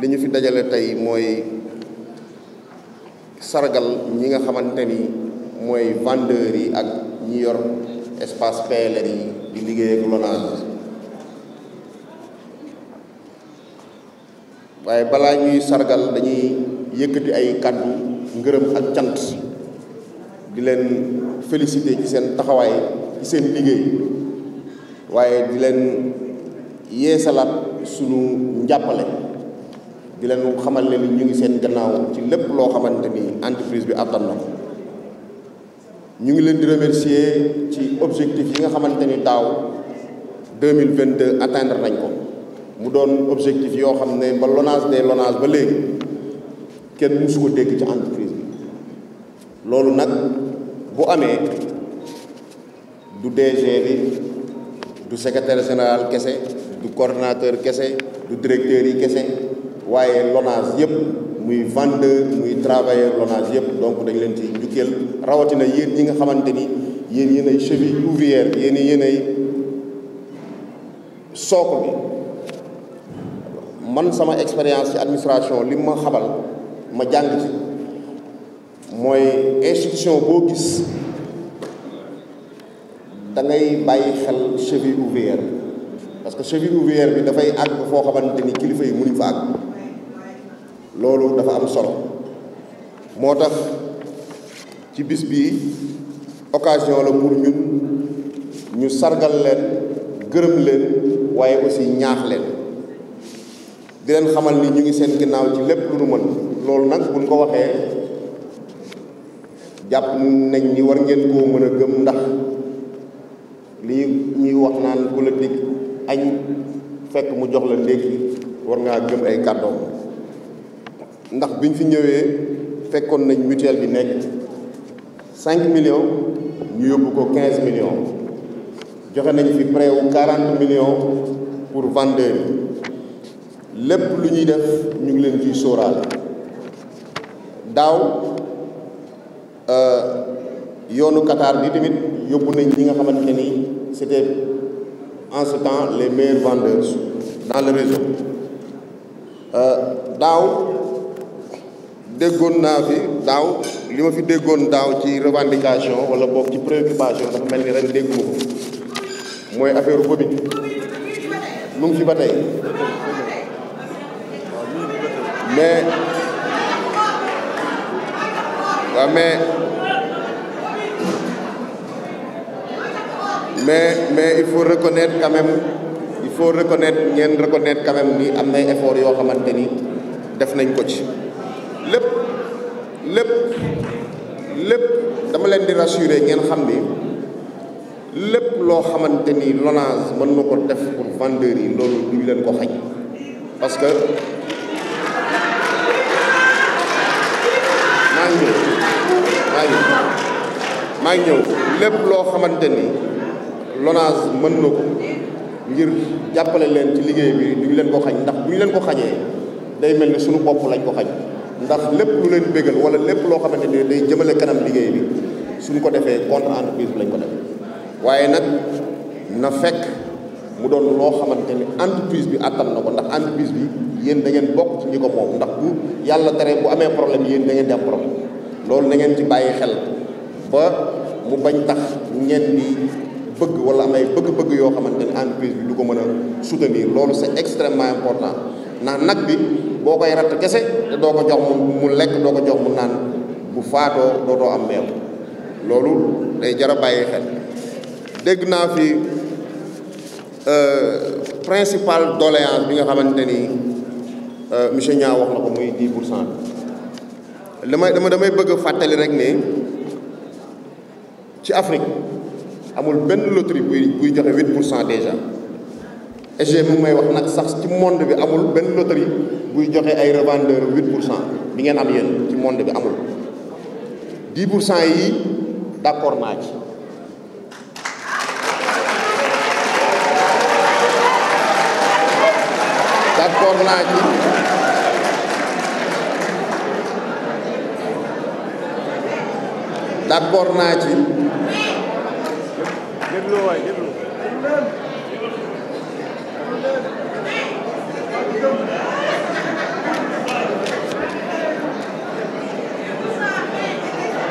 dañu fi dajale tey mooy sargal ñi nga xamante ni mooy vendeurs yi ak ñi yor espace PLR yi di liggéey ak Lonase waaye balaa ñuy sargal dañuy yëkkati ay kàddu ngërëm ak cant di leen féliciter ci seen taxawaay ci seen liggéey waaye di leen yeesalaat sunu njàppale di leen xamal ne ñu ngi seen gannaaw ci lépp loo xamante ni entreprise bi attan na ko ñu ngi leen di remercier ci objectif yi nga xamante ni daaw deux mille vingt deux atteindre nañ ko mu doon objectif yoo xam ne ba Lonase des Lonase ba léegi kenn mësu ko dégg ci entreprise bi loolu nag bu amee du DG bi du secrétaire général kese du coordinateur kese du directeur yi kese. waaye LONASE yëpp muy vendeur muy travailleur LONASE yëpp donc dañ leen ci njukkeel rawatina yéen ñi nga xamante ni yéen yéen ay cheville ouvrière yéen yéen ay bi man sama expérience ci administration li ma xabal ma jàng ci mooy institution boo gis da ngay bàyyi xel cheville ouvrière parce que cheville ouvrière bi dafay àgg foo xamante ni kilifa yi mënuñ fa àgg loolu dafa am solo moo tax ci bis bi occasion la pour ñun ñu sargal leen gërëm leen waaye aussi ñaax leen di leen xamal ni ñu ngi seen ginnaaw ci lépp lu nu mën loolu nag buñ ko waxee jàpp nañ ni war ngeen koo mën a gëm ndax lii ñuy wax naan ku la dig añ fekk mu jox la ndékki war ngaa gëm ay kàddoom ndax biñ fi ñëwee fekkoon nañ mutuelle bi nekk cinq millions ñu yóbbu ko quinze millions joxe nañ fi prêt wu millions pour vendeur lépp lu ñuy def ñu ngi leen ciy sóoraale daaw euh, yoonu Qatar bi tamit yóbbu nañ ñi nga xamante ni c'était en ce temps les meilleurs vendeurs dans le réseau euh, daaw. déggoon naa fi daaw li ma fi déggoon daaw ci revendication wala boog ci préoccupation dafa mel ni ren dégguma ko mooy affaire Covid mu ngi fi ba tey mais waaw mais mais mais il faut reconnaître quand même il faut reconnaître ngeen reconnaître quand ni am nay effort yoo xamante ni def nañ ko ci lépp lépp lépp dama leen di rassurer ngeen xam ni lépp loo xamante ni Lonase mën na ko def pour vendeurs yi loolu duñ leen ko xañ parce que maa ngi ñëw maa ngi ñëw lépp loo xamante ni Lonase mën na ko ngir jàppale leen ci liggéey bi duñ leen ko xañ ndax buñ leen ko xañee day mel ni suñu bopp lañ ko xañ ndax lépp lu leen bégal wala lépp loo xamante ni day jëmale kanam liggéey bi suñ ko defee contre entreprise bi lañ ko def waaye nag na fekk mu doon loo xamante ni entreprise bi àttan na ko ndax entreprise bi yéen da ngeen bokk ci ñi ko moom ndax bu yàlla tere bu amee problème yéen dangeen ngeen di am problème loolu na ngeen ci bàyyi xel ba mu bañ tax ngeen di bëgg wala am ay bëgg-bëgg yoo xamante ni entreprise bi du ko mën a soutenir loolu c'est extrêmement important ndax nag bi boo koy ratt kese te doo ko jox mu lekk doo ko jox mu naan bu faatoo dootoo am meew loolu day jar a bàyyi xel dégg naa fi euh, principal doléance bi nga xamante ni euh, monsieur Niang wax na ko muy 10 pour cent bi damay dama damay bëgg a fàttali rek ne ci Afrique amul benn loterie buy buy joxe 8 pour cent déjà EG mu may wax nag sax ci monde bi amul benn loterie buy joxe ay revendeur 8 pour cent bi ngeen am yéen ci monde bi amul 10 pour cent yi d'accord naa ci d'accord naa ci d'accord naa ci.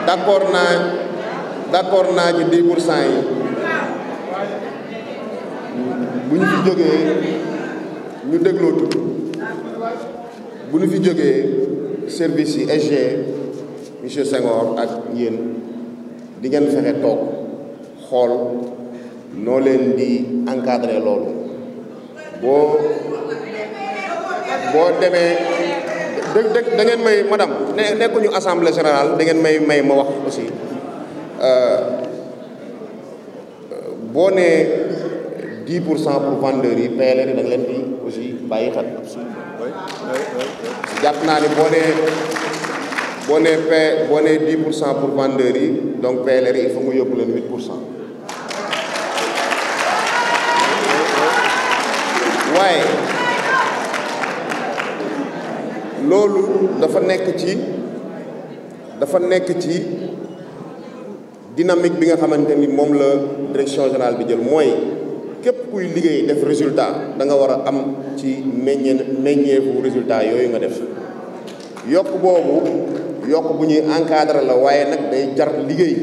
d' accord naa d' accord naa ci bu ñu fi jógee ñu déglootu bu ñu fi jógee service yi SG monsieur Senghor ak yéen di ngeen fexe toog xool noo leen di encadrer loolu boo boo demee. dë da ngeen may madame ne nekkuñu assemblée générale da ngeen may may ma wax aussi euh, boo nee 10 pour cent pour vendeurs yi PLR da nga leen di aussi bàyyi xel. jàpp naa ne boo nee boo nee P boo nee 10 pour cent pour vendeurs yi donc PLR yi il faut nga yóbbu leen pour cent. waaye. loolu dafa nekk ci dafa nekk ci dynamique bi nga xamante ni moom la direction générale bi jël mooy képp kuy liggéey def résultat da nga war a am ci meññee meññeefu résultat yooyu nga def yokk boobu yokk bu ñuy encadré la waaye nag day jar liggéey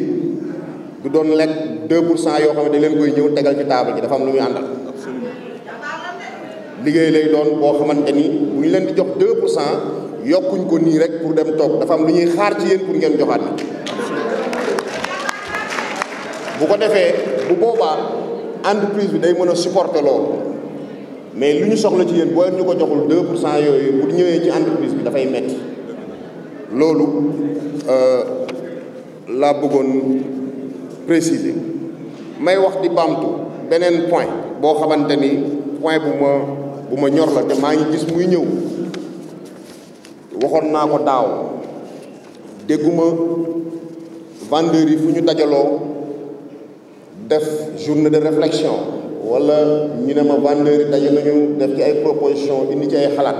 du doon lekk 2 pour cent yoo xam ne dañ leen koy ñëw tegal ci table ji dafa am lu muy àndal. liggéey lay doon boo xamante ni bu ñu leen di jox 2 pour cent yokkuñ ko nii rek pour dem toog dafa am lu ñuy xaar ci yéen pour ngeen joxaat ni bu ko defee bu boobaa entreprise bi day mën a supporter loolu mais lu ñu soxla ci yéen boo ñu ko joxul 2 pour cent yooyu bu ñëwee ci entreprise bi dafay metti loolu euh, laa bëggoon préciser may wax di baamtu beneen point boo xamante ni point bu ma. bu ma ñor la te maa ngi gis muy ñëw waxoon naa ko daaw dégguma vendeurs yi fu ñu dajaloo def journée de réflexion walla ñu ne ma vendeurs yi daje nañu def ci ay proposition indi ci ay xalaat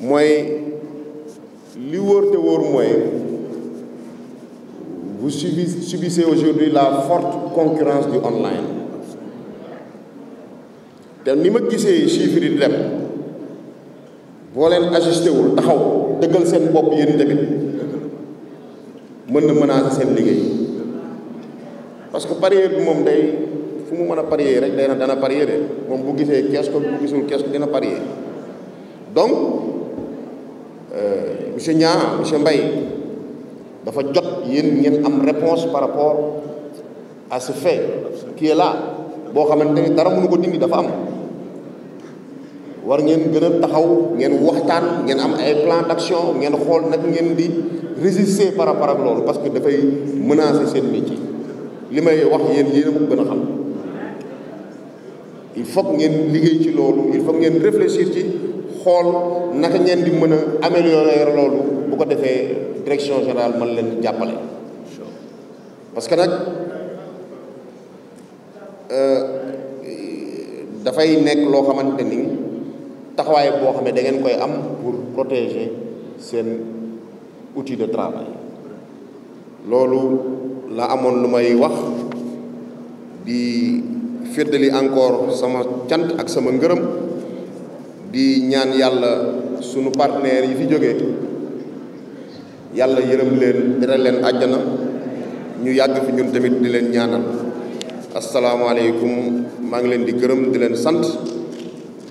mooy li wóor te wóor mooy vous subissez aujourd'hui la forte concurrence du online te ni ma gisee chiffres yi di boo leen ajusté wul taxaw dëggal seen bopp yéen tamit mën na menacer seen liggéey parce que parieur bi moom day fu mu mën a parier rek na dana parier de moom bu gisee kees ko bu gisul kees ko dina parier donc euh, monsieur Niang monsieur Mbaye dafa jot yéen ngeen am réponse par rapport à ce fait qui est boo xamante ni dara mënu ko dindi dafa am war ngeen gën a taxaw ngeen waxtaan ngeen am ay plan d'action ngeen xool nag ngeen di résister par rapport ak loolu parce que dafay menacer seen métier li may wax yéen yéen a ko gën a xam il faut ngeen liggéey ci loolu il faut ngeen réfléchir ci xool naka ngeen di mën a améliorer loolu bu ko defee direction générale mën leen jàppale parce que nag euh, dafay nekk loo xamante ni taxawaay boo xam ne dangeen koy am pour protéger seen uti de travail loolu laa amoon lu may wax di feddali encore sama cant ak sama ngërëm di ñaan yàlla sunu partenaires yi fi jógee yàlla yërëm leen dara leen àjjana ñu yàgg fi ñun tamit di leen ñaanal asalaamaaleykum maa ngi leen di gërëm di leen sant